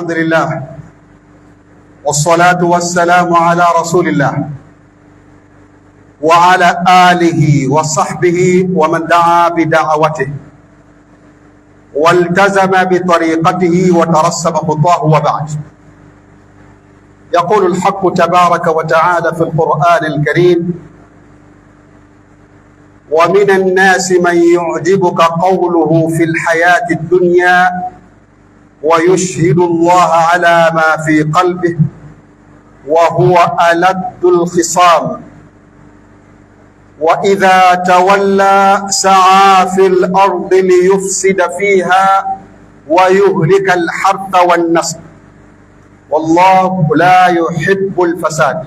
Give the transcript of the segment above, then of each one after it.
الحمد لله والصلاة والسلام على رسول الله وعلى آله وصحبه ومن دعا بدعوته والتزم بطريقته وترسم خطاه وبعد يقول الحق تبارك وتعالى في القرآن الكريم ومن الناس من يعجبك قوله في الحياة الدنيا ويشهد الله على ما في قلبه وهو ألد الخصام وإذا تولى سعى في الأرض ليفسد فيها ويهلك الحرث والنسل والله لا يحب الفساد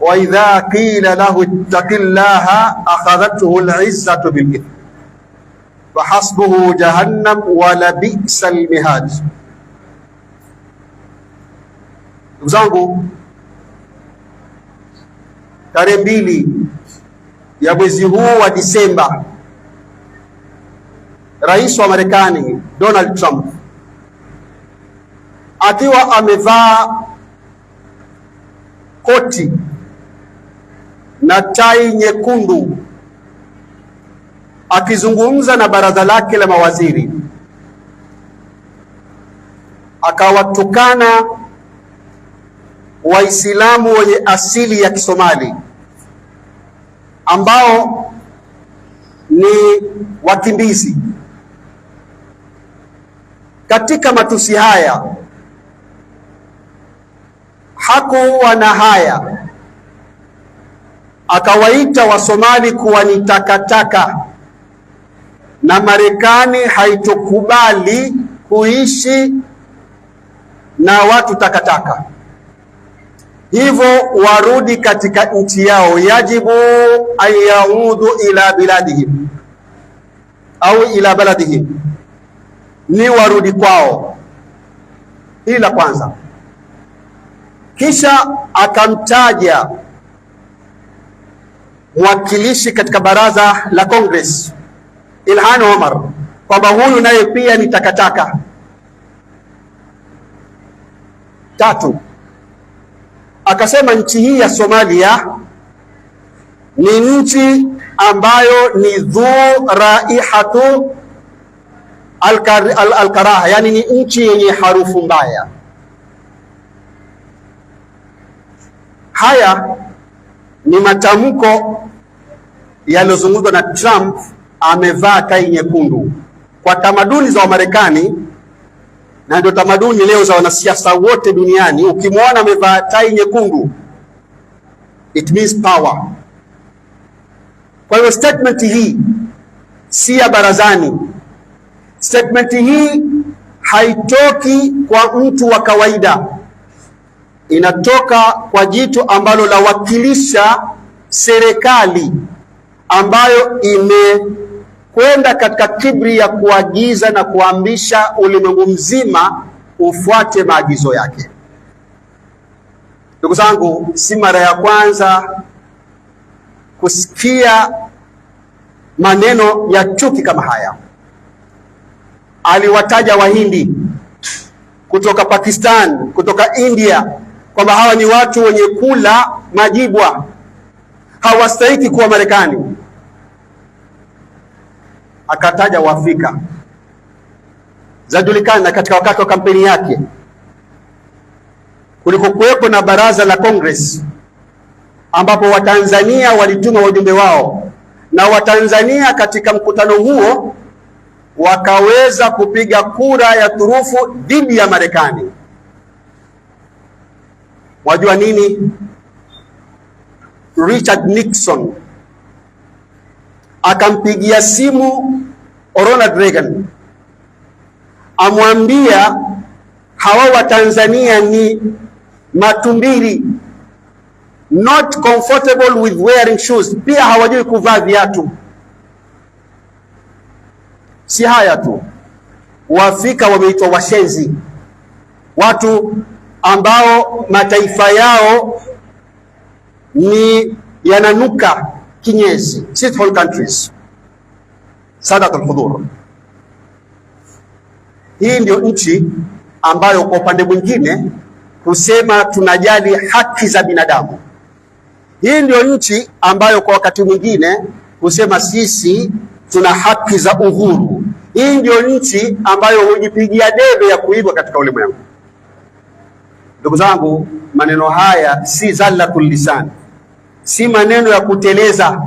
وإذا قيل له اتق الله أخذته العزة بالإثم fahasbuhu jahannam wala bi'sa lmihad. Ndugu zangu, tarehe mbili ya mwezi huu wa Disemba, rais wa Marekani Donald Trump akiwa amevaa koti na tai nyekundu akizungumza na baraza lake la mawaziri akawatukana Waislamu wenye asili ya Kisomali ambao ni wakimbizi. Katika matusi haya hakuwa na haya, akawaita Wasomali kuwa ni takataka na Marekani haitokubali kuishi na watu takataka, hivyo warudi katika nchi yao. Yajibu an yaudu ila biladihim au ila baladihim, ni warudi kwao. Hili la kwanza. Kisha akamtaja mwakilishi katika baraza la Congress Ilhan Omar kwamba huyu naye pia ni takataka. Tatu, akasema nchi hii ya Somalia ni nchi ambayo ni dhu raihatu alkaraha, yani ni nchi yenye harufu mbaya. Haya ni matamko yaliyozungumzwa na Trump amevaa tai nyekundu. Kwa tamaduni za Wamarekani na ndio tamaduni leo za wanasiasa wote duniani, ukimwona amevaa tai nyekundu it means power. Kwa hiyo statement hii si ya barazani. Statement hii haitoki kwa mtu wa kawaida, inatoka kwa jitu ambalo lawakilisha serikali ambayo ime kwenda katika kibri ya kuagiza na kuamrisha ulimwengu mzima ufuate maagizo yake. Ndugu zangu, si mara ya kwanza kusikia maneno ya chuki kama haya. Aliwataja Wahindi kutoka Pakistan, kutoka India kwamba hawa ni watu wenye kula majibwa, hawastahiki kuwa Marekani akataja Waafrika. Zajulikana katika wakati wa kampeni yake kulikokuwepo na baraza la Congress ambapo Watanzania walituma wajumbe wao, na Watanzania katika mkutano huo wakaweza kupiga kura ya turufu dhidi ya Marekani. Wajua nini? Richard Nixon akampigia simu Ronald Reagan amwambia hawa wa Tanzania ni matumbiri not comfortable with wearing shoes, pia hawajui kuvaa viatu. Si haya tu, Waafrika wameitwa washenzi, watu ambao mataifa yao ni yananuka kinyesi. Shithole countries sadaka alhudhur. Hii ndio nchi ambayo kwa upande mwingine husema tunajali haki za binadamu. Hii ndio nchi ambayo kwa wakati mwingine husema sisi tuna haki za uhuru. Hii ndio nchi ambayo hujipigia debe ya kuigwa katika ulimwengu. Ndugu zangu, maneno haya si zallatul lisani, si maneno ya kuteleza.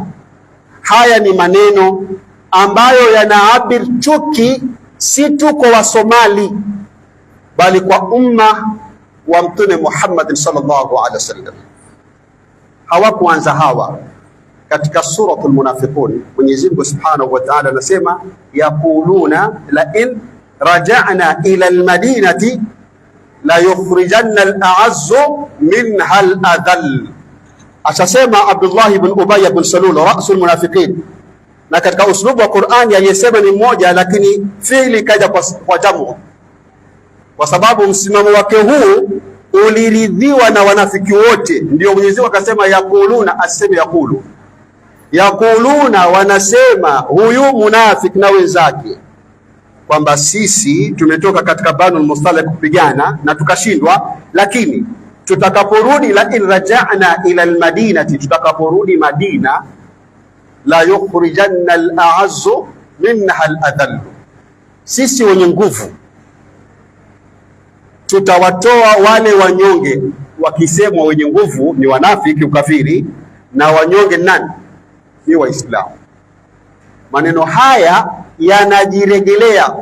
Haya ni maneno ambayo yanaabir chuki si tu kwa Wasomali bali kwa umma wa Mtume Muhammad sallallahu alaihi wasallam. Hawakuanza hawa katika Suratul Munafiqun, Mwenyezi Mungu Subhanahu wa Ta'ala anasema yaquluna la in raja'na ila almadinati la yukhrijanna al'azzu minha al'adhall. Asasema Abdullah ibn Ubay ibn Salul rasul munafiqin na katika uslubu wa Qur'ani aliyesema ni mmoja, lakini fiili ikaja kwa, kwa jamu, kwa sababu msimamo wake huu uliridhiwa na wanafiki wote. Ndio Mwenyezi Mungu akasema yakuluna, asiseme yakulu, yakuluna, wanasema huyu munafiki na wenzake kwamba sisi tumetoka katika Banu al kupigana na tukashindwa, lakini tutakaporudi, la in raja'na ila al-madinati, tutakaporudi Madina la yukhrijanna al-a'azzu minha al-adhall, sisi wenye nguvu tutawatoa wale wanyonge. Wakisemwa wenye nguvu ni wanafiki, ukafiri, na wanyonge nani? Ni Waislamu. Maneno haya yanajiregelea.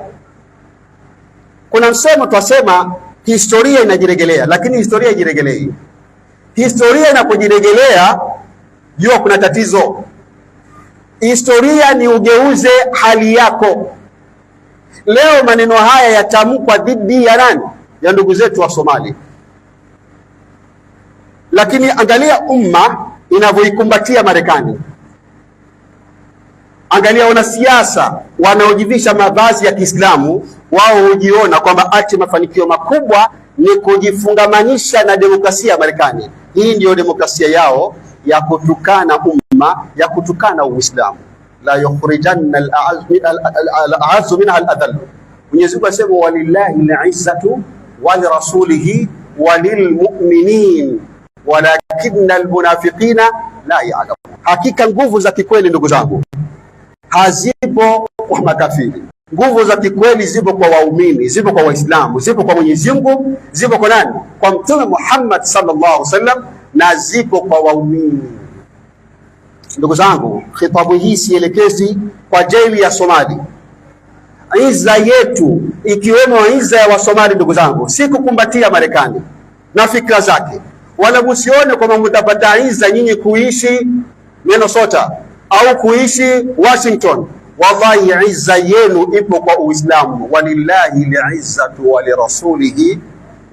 Kuna msemo twasema historia inajiregelea, lakini historia haijiregelei. Historia inapojiregelea, jua kuna tatizo. Historia ni ugeuze hali yako. Leo maneno haya yatamkwa dhidi ya nani? Ya ndugu zetu wa Somali, lakini angalia umma inavyoikumbatia Marekani. Angalia wanasiasa wanaojivisha mavazi ya Kiislamu, wao hujiona kwamba ati mafanikio makubwa ni kujifungamanisha na demokrasia ya Marekani. Hii ndiyo demokrasia yao ya kutukana umma, ya kutukana Uislamu. la yukhrijanna al-a'azzu minha al-adhall. Mwenyezi Mungu asema walillahi al-izzatu wa li rasulihi wa lil mu'minin walakinna al-munafiqina la ya'lamun. Hakika nguvu za kikweli ndugu zangu hazipo kwa makafiri. Nguvu za kikweli zipo kwa waumini, zipo kwa Waislamu, zipo kwa Mwenyezi Mungu, zipo kwa nani? Kwa Mtume Muhammad sallallahu alaihi wasallam na zipo kwa waumini. Ndugu zangu, khitabu hii sielekezi kwa jeli ya Somali, iza yetu ikiwemo iza ya Wasomali. Ndugu zangu, si kukumbatia Marekani na fikra zake, wala musione kwamba mtapata iza nyinyi kuishi Minnesota au kuishi Washington. Wallahi, iza yenu ipo kwa Uislamu. Walillahi liizzatu walirasulihi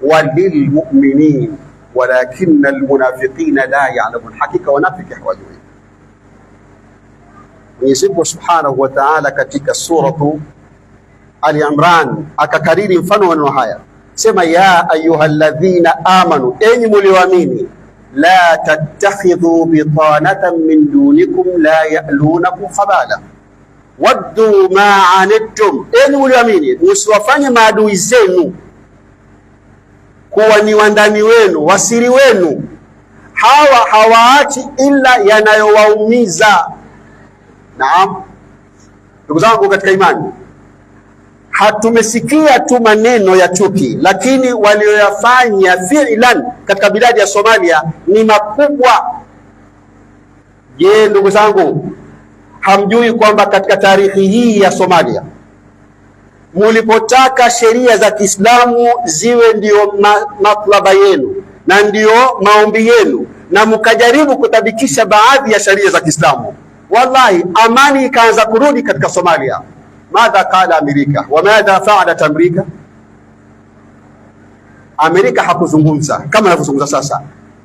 walilmuminin ولكن المنافقين لا يعلمون hakika wanafiki hawajui Mwenyezi Mungu Subhanahu wa Ta'ala katika suratu Ali Imran akakariri mfano wa haya sema ya ayyuhalladhina amanu enyi mlioamini la tattakhidhu bitanatan min dunikum la ya'lunakum khabala waddu ma anittum enyi mlioamini msiwafanye maadui zenu kuwa ni wandani wenu, wasiri wenu. Hawa hawaachi ila yanayowaumiza. Naam, ndugu zangu katika imani, hatumesikia tu maneno ya chuki, lakini walioyafanya filan katika biladi ya Somalia ni makubwa. Je, ndugu zangu, hamjui kwamba katika taarikhi hii ya Somalia mulipotaka sheria za Kiislamu ziwe ndiyo ma, matlaba yenu na ndiyo maombi yenu, na mkajaribu kutabikisha baadhi ya sheria za Kiislamu, wallahi amani ikaanza kurudi katika Somalia. Madha kala Amerika wa madha faalat Amerika. Amerika hakuzungumza kama anavyozungumza sasa.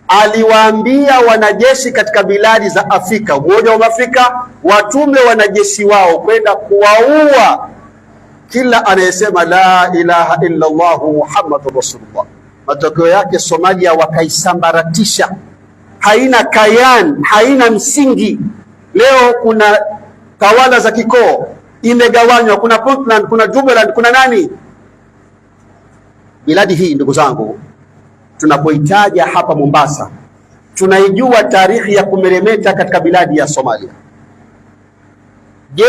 Aliwaambia wanajeshi katika biladi za Afrika, Umoja wa Afrika watume wanajeshi wao kwenda kuwaua kila anayesema la ilaha illa Allah muhammadur rasulullah, matokeo yake Somalia wakaisambaratisha, haina kayan, haina msingi. Leo kuna tawala za kikoo imegawanywa, kuna Puntland, kuna Jubaland, kuna nani. Biladi hii ndugu zangu, tunapoitaja hapa Mombasa tunaijua tarehe ya kumeremeta katika biladi ya Somalia. Je,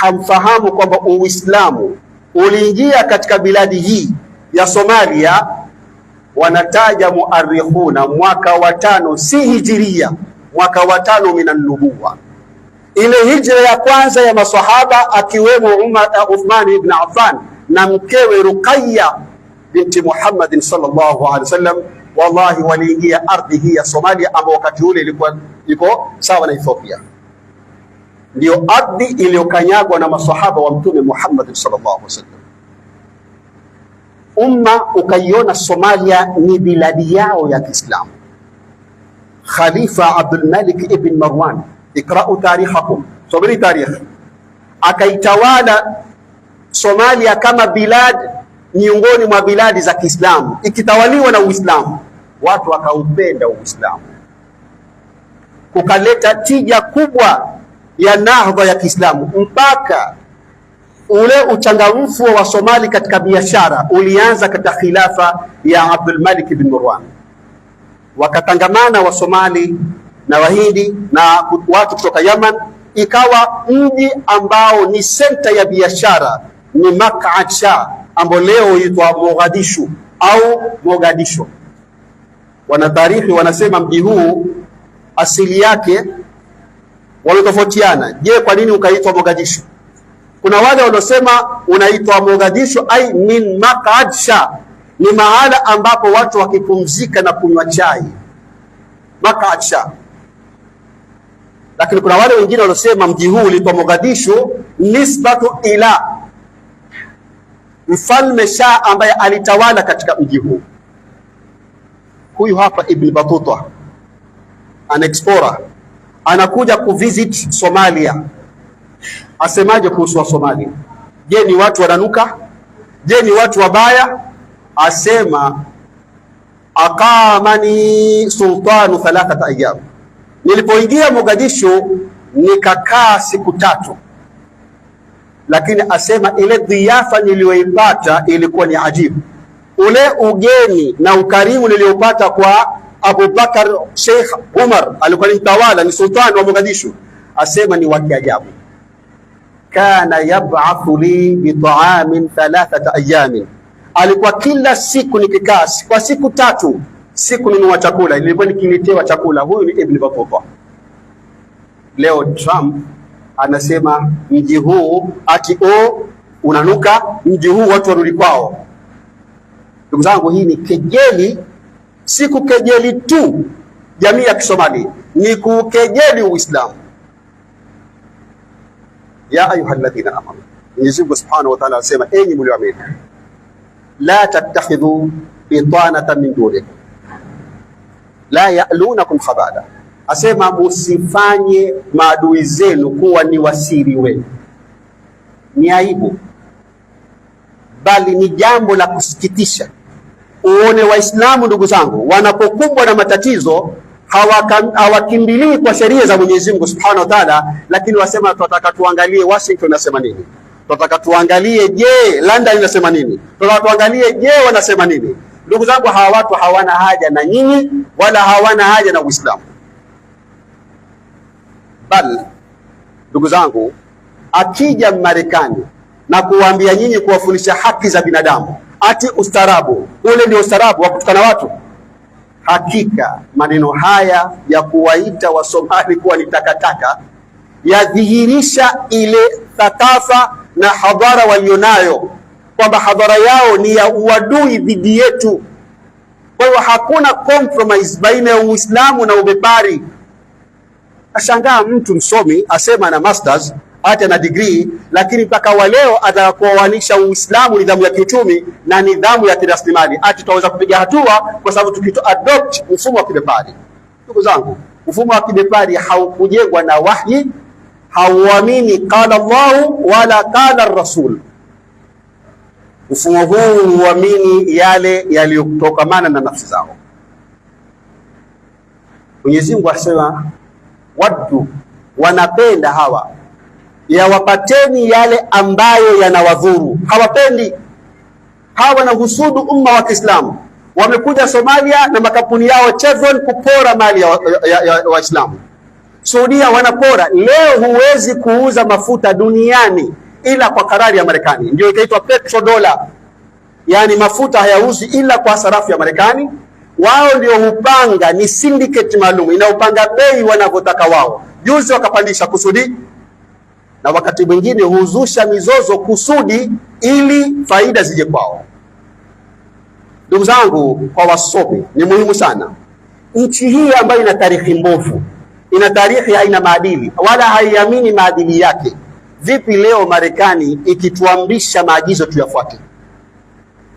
hamfahamu kwamba Uislamu uliingia katika biladi hii ya Somalia, wanataja muarrikhuna mwaka wa tano, si hijiria, mwaka wa tano minanubuwa, ile hijra ya kwanza ya masahaba akiwemo Umar eh, Uthman ibn Affan na mkewe Ruqayya binti Muhammadin sallallahu alaihi wasallam. Wallahi, waliingia ardhi hii ya Somalia ambao wakati ule ilikuwa iko sawa na Ethiopia ndio ardhi iliyokanyagwa na masahaba wa Mtume Muhammad sallallahu alaihi wasallam. Umma ukaiona Somalia ni biladi yao ya Kiislamu. Khalifa Abdul Malik ibn Marwan, ikrau tarikhakum, someni tarikhi, akaitawala Somalia kama bilad miongoni mwa biladi za Kiislamu, ikitawaliwa na Uislamu, watu wakaupenda Uislamu, kukaleta tija kubwa ya nahdha ya Kiislamu mpaka ule uchangamfu wa Wasomali katika biashara ulianza katika khilafa ya Abdul Malik bin Marwan. Wakatangamana Wasomali na Wahindi na watu kutoka Yaman, ikawa mji ambao ni senta ya biashara ni Maq'ad Shah, ambao leo huitwa Mogadishu au Mogadisho. Wanatarikhi wanasema mji huu asili yake wametofautiana. Je, kwa nini ukaitwa Mogadishu? Kuna wale waliosema unaitwa Mogadishu ai min makadsha, ni mahala ambapo watu wakipumzika na kunywa chai makadsha. Lakini kuna wale wengine waliosema mji huu uliitwa Mogadishu nisbatu ila mfalme Shah ambaye alitawala katika mji huu. Huyu hapa Ibn Batuta an explorer anakuja kuvisit Somalia, asemaje kuhusu wa Somalia? Je, ni watu wananuka? Je, ni watu wabaya? Asema aqamani sultanu thalathata ayyam, nilipoingia Mogadishu nikakaa siku tatu, lakini asema ile dhiafa niliyoipata ilikuwa ni ajibu. Ule ugeni na ukarimu niliopata kwa Abubakar Sheikh Umar alikuwa ni mtawala, ni sultani wa Mogadishu, asema ni wakiajabu, kana yab'athu li bi ta'amin thalathata ayamin, alikuwa kila siku nikikaa kwa siku tatu siku nunua chakula, nilikuwa nikiletewa chakula. Huyu ni Ibn Battuta. Leo Trump anasema mji huu ati o oh, unanuka, mji huu watu warudi kwao. Ndugu zangu, hii ni kejeli si kukejeli tu jamii ya Kisomali, ni kukejeli Uislamu. ya ayuha alladhina amanu, Mwenyezi Mungu Subhanahu wa Ta'ala anasema, enyi mlioamini, la tattakhidhu bitanatan min dunikum la yalunakum khabala, asema musifanye maadui zenu kuwa ni wasiri wenu, ni aibu, bali ni jambo la kusikitisha uone Waislamu ndugu zangu wanapokumbwa na matatizo hawakimbilii kwa sheria za Mwenyezi Mungu Subhanahu wa Ta'ala, lakini wasema tunataka tuangalie Washington nasema nini, tunataka tuangalie je, London inasema nini, tunataka tuangalie je, wanasema nini. Ndugu zangu, hawa watu hawana haja na nyinyi wala hawana haja na Uislamu, bali ndugu zangu, akija Marekani na kuwaambia nyinyi kuwafundisha haki za binadamu ati ustaarabu ule ndio ustaarabu wa kutukana watu? Hakika maneno haya ya kuwaita Wasomali kuwa ni takataka yadhihirisha ile thakafa na hadhara walionayo, kwamba hadhara yao ni ya uadui dhidi yetu. Kwa hiyo hakuna compromise baina ya Uislamu na ubepari. Ashangaa mtu msomi asema na masters hata na degree, lakini mpaka wa leo atakuoanisha Uislamu nidhamu ya kiuchumi na nidhamu ya kirasilimali ati tutaweza kupiga hatua, kwa sababu tukito adopt mfumo wa kibepari. Ndugu zangu, mfumo wa kibepari haukujengwa na wahyi, hauamini qala Allahu wala qala rasul. Mfumo huu huamini yale yaliyotokamana na nafsi zao. Mwenyezi Mungu asema waddu, wanapenda hawa yawapateni yale ambayo yanawadhuru. Hawapendi, hawa wanahusudu umma wa Kiislamu. Wamekuja Somalia na makampuni yao Chevron kupora mali ya Waislamu. Saudia wanapora. Leo huwezi kuuza mafuta duniani ila kwa karari ya Marekani, ndio ikaitwa petrodola. Yani mafuta hayauzi ila kwa sarafu ya Marekani. Wao ndio hupanga, ni syndicate maalum inaopanga bei wanavyotaka wao. Juzi wakapandisha kusudi na wakati mwingine huzusha mizozo kusudi ili faida zije kwao. Ndugu zangu, kwa wasomi ni muhimu sana. Nchi hii ambayo ina tarikhi mbovu, ina tarikhi haina maadili wala haiamini maadili yake, vipi leo Marekani ikituamrisha maagizo tuyafuate?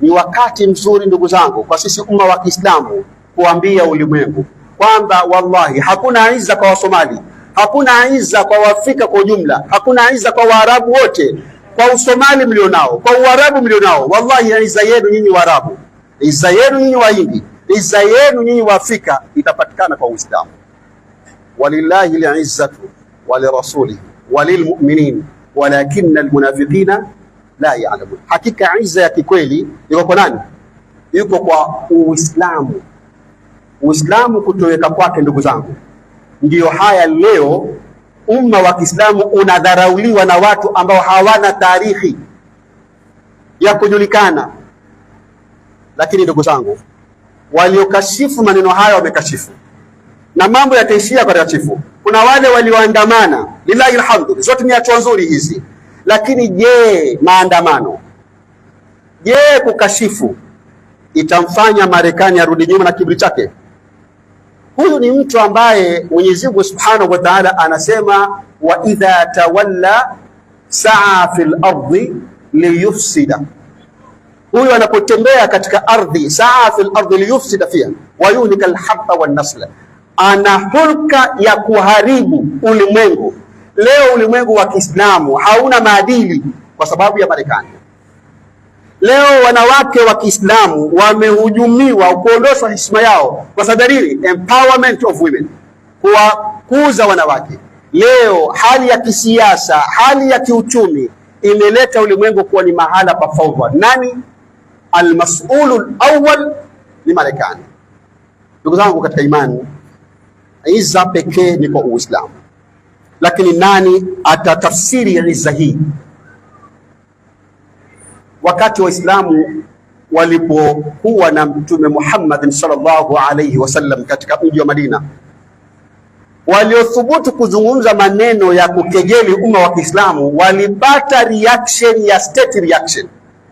Ni wakati mzuri ndugu zangu, kwa sisi umma wa Kiislamu kuambia ulimwengu kwamba wallahi hakuna aiza kwa Wasomali hakuna iza kwa Waafrika kwa ujumla, hakuna iza kwa Waarabu wote, kwa Usomali mlionao, kwa Uarabu mlionao. Wallahi, aiza iza yenu nyinyi Waarabu, iza yenu nyinyi Wahindi, iza yenu nyinyi Waafrika itapatikana kwa Uislamu. Walillahi lizzatu walirasulihi walilmuminin walakina almunafiqina la yalamun, hakika iza ya kikweli iko kwa nani? Iko kwa Uislamu. Uislamu kutoweka kwake, ndugu zangu Ndiyo haya leo umma wa Kiislamu unadharauliwa na watu ambao hawana taarikhi ya kujulikana. Lakini ndugu zangu, waliokashifu maneno hayo wamekashifu, na mambo yataishia kwa kashifu. Kuna wale walioandamana, lillahi alhamdu, zote ni hatua nzuri hizi, lakini je, maandamano, je, kukashifu itamfanya Marekani arudi nyuma na kiburi chake? Huyu ni mtu ambaye Mwenyezi Mungu Subhanahu wa Ta'ala anasema wa idha tawalla saa fil ardi liyufsida. Huyu anapotembea katika ardhi, saa fil ardi liyufsida fiha wa yuhlika alhabba wan nasla, ana hulka ya kuharibu ulimwengu. Leo ulimwengu wa Kiislamu hauna maadili kwa sababu ya Marekani. Leo wanawake wa Kiislamu wamehujumiwa, kuondoshwa heshima yao kwa sadarili empowerment of women, kuwakuza wanawake. Leo hali ya kisiasa, hali ya kiuchumi imeleta ulimwengu kuwa ni mahala pa fawdha. Nani almasulu alawwal? Ni Marekani. Ndugu zangu katika imani, iza pekee ni kwa Uislamu, lakini nani atatafsiri iza hii? wakati Waislamu walipokuwa na Mtume Muhammad sallallahu alaihi wasallam katika mji wa Madina, waliothubutu kuzungumza maneno ya kukejeli umma wa Kiislamu walipata reaction ya state reaction,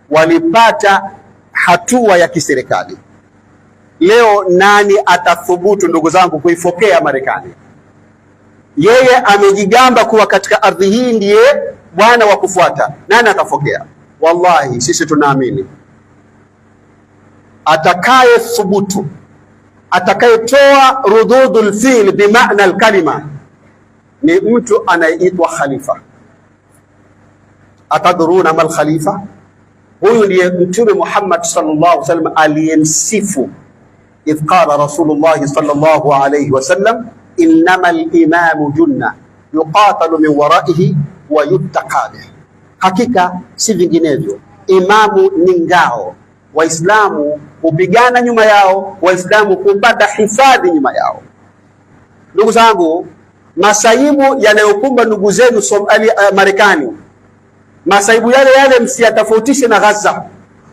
walipata hatua ya kiserikali. Leo nani atathubutu, ndugu zangu, kuifokea Marekani? Yeye amejigamba kuwa katika ardhi hii ndiye bwana wa kufuata. Nani atafokea? Wallahi sisi tunaamini atakaye thubutu, atakayetoa rududul fi'l bi maana alkalima, ni mtu anayeitwa khalifa. Atadhuruna mal khalifa? Huyu ndiye Mtume Muhammad sallallahu alaihi wasallam aliyemsifu, قال رسول الله صلى الله عليه وسلم إنما الإمام جنة يقاتل من ورائه ويتقى به Hakika si vinginevyo. Imamu ni ngao, Waislamu hupigana nyuma yao, Waislamu hupata hifadhi nyuma yao. Ndugu zangu, masaibu yanayokumba ndugu zenu eh, Marekani, masaibu yale yale msiyatofautishe na Gaza,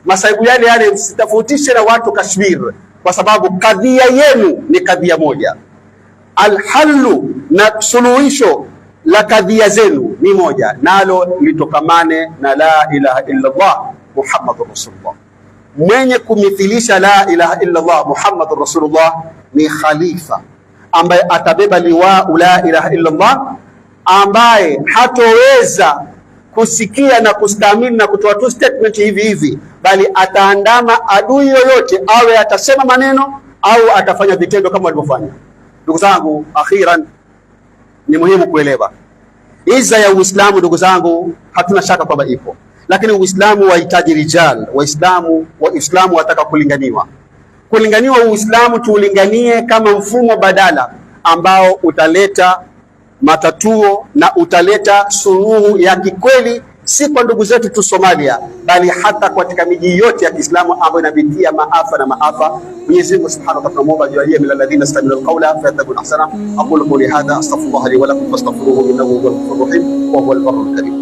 masaibu yale yale msitofautishe na watu Kashmir, kwa sababu kadhia yenu ni kadhia moja. Alhalu na suluhisho la kadhia zenu ni moja, nalo litokamane na la ilaha illa Allah Muhammadur Rasulullah. Mwenye kumithilisha la ilaha illa Allah Muhammadur Rasulullah ni khalifa ambaye atabeba liwau la ilaha illa Allah, ambaye hatoweza kusikia na kustamili na kutoa tu statement hivi hivi, bali ataandama adui yoyote, awe atasema maneno au atafanya vitendo kama walivyofanya ndugu zangu. Akhiran, ni muhimu kuelewa iza ya Uislamu ndugu zangu, hatuna shaka kwamba ipo, lakini Uislamu wahitaji rijal. Waislamu Waislamu wataka kulinganiwa, kulinganiwa. Uislamu tuulinganie kama mfumo badala ambao utaleta matatuo na utaleta suluhu ya kikweli si kwa ndugu zetu tu Somalia, bali hata katika miji yote ya Kiislamu ambayo inapitia maafa na maafa. Mwenyezi Mungu Subhanahu wa Ta'ala tunamuomba ajalie min alladhina istamilu alqawla fayattabi'una ahsana. Aqulu qawli hadha astaghfirullah li wa lakum fastaghfiruhu innahu huwal ghafurur rahim wa huwal barrul karim.